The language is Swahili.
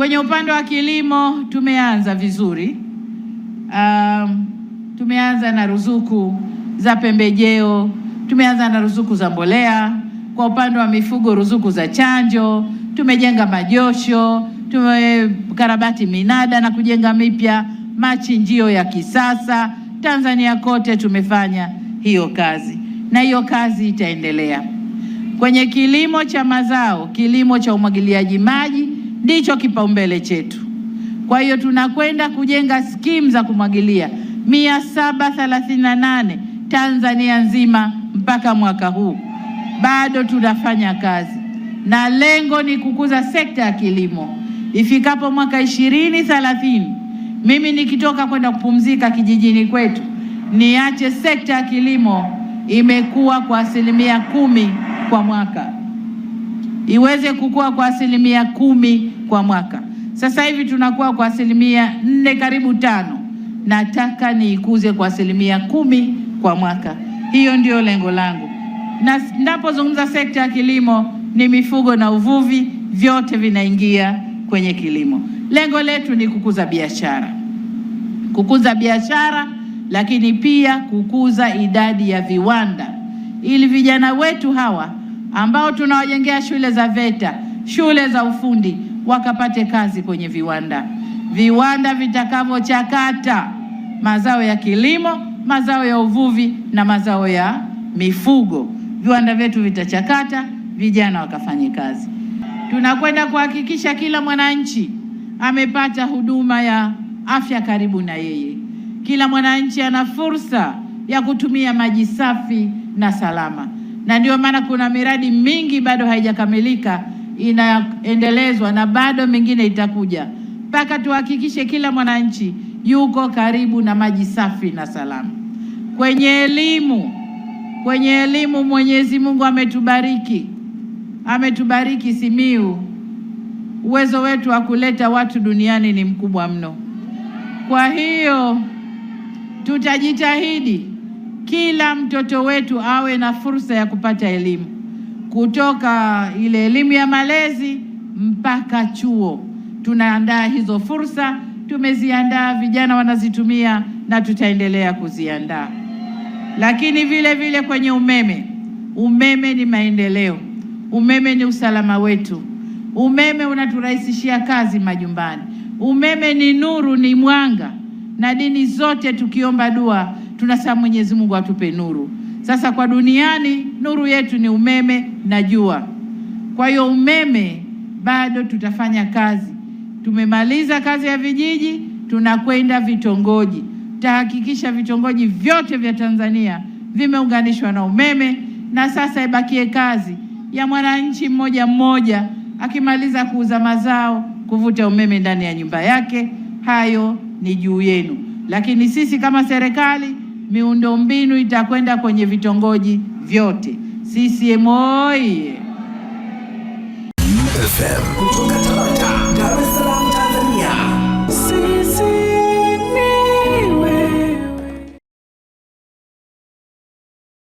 Kwenye upande wa kilimo tumeanza vizuri. Um, tumeanza na ruzuku za pembejeo, tumeanza na ruzuku za mbolea. Kwa upande wa mifugo, ruzuku za chanjo, tumejenga majosho, tumekarabati minada na kujenga mipya, machinjio ya kisasa. Tanzania kote tumefanya hiyo kazi na hiyo kazi itaendelea. Kwenye kilimo cha mazao, kilimo cha umwagiliaji maji ndicho kipaumbele chetu. Kwa hiyo tunakwenda kujenga skimu za kumwagilia mia nane Tanzania nzima mpaka mwaka huu. Bado tunafanya kazi na lengo ni kukuza sekta ya kilimo ifikapo mwaka ishirini thelathini. Mimi nikitoka kwenda kupumzika kijijini kwetu niache sekta ya kilimo imekuwa kwa asilimia kumi kwa mwaka iweze kukua kwa asilimia kumi kwa mwaka. Sasa hivi tunakuwa kwa asilimia nne karibu tano, nataka niikuze kwa asilimia kumi kwa mwaka. Hiyo ndiyo lengo langu, na ninapozungumza sekta ya kilimo ni mifugo na uvuvi, vyote vinaingia kwenye kilimo. Lengo letu ni kukuza biashara, kukuza biashara, lakini pia kukuza idadi ya viwanda ili vijana wetu hawa ambao tunawajengea shule za VETA, shule za ufundi, wakapate kazi kwenye viwanda, viwanda vitakavyochakata mazao ya kilimo, mazao ya uvuvi na mazao ya mifugo. Viwanda vyetu vitachakata, vijana wakafanye kazi. Tunakwenda kuhakikisha kila mwananchi amepata huduma ya afya karibu na yeye, kila mwananchi ana fursa ya kutumia maji safi na salama na ndio maana kuna miradi mingi bado haijakamilika inaendelezwa, na bado mingine itakuja, mpaka tuhakikishe kila mwananchi yuko karibu na maji safi na salama. Kwenye elimu, kwenye elimu Mwenyezi Mungu ametubariki, ametubariki Simiyu. Uwezo wetu wa kuleta watu duniani ni mkubwa mno, kwa hiyo tutajitahidi kila mtoto wetu awe na fursa ya kupata elimu kutoka ile elimu ya malezi mpaka chuo. Tunaandaa hizo fursa, tumeziandaa, vijana wanazitumia na tutaendelea kuziandaa. Lakini vile vile kwenye umeme, umeme ni maendeleo, umeme ni usalama wetu, umeme unaturahisishia kazi majumbani, umeme ni nuru, ni mwanga, na dini zote tukiomba dua tunasema Mwenyezi Mungu atupe nuru. Sasa kwa duniani nuru yetu ni umeme na jua. Kwa hiyo umeme bado tutafanya kazi. Tumemaliza kazi ya vijiji, tunakwenda vitongoji. Tahakikisha vitongoji vyote vya Tanzania vimeunganishwa na umeme, na sasa ibakie kazi ya mwananchi mmoja mmoja, akimaliza kuuza mazao, kuvuta umeme ndani ya nyumba yake. Hayo ni juu yenu, lakini sisi kama serikali miundombinu itakwenda kwenye vitongoji vyote. CCM oye!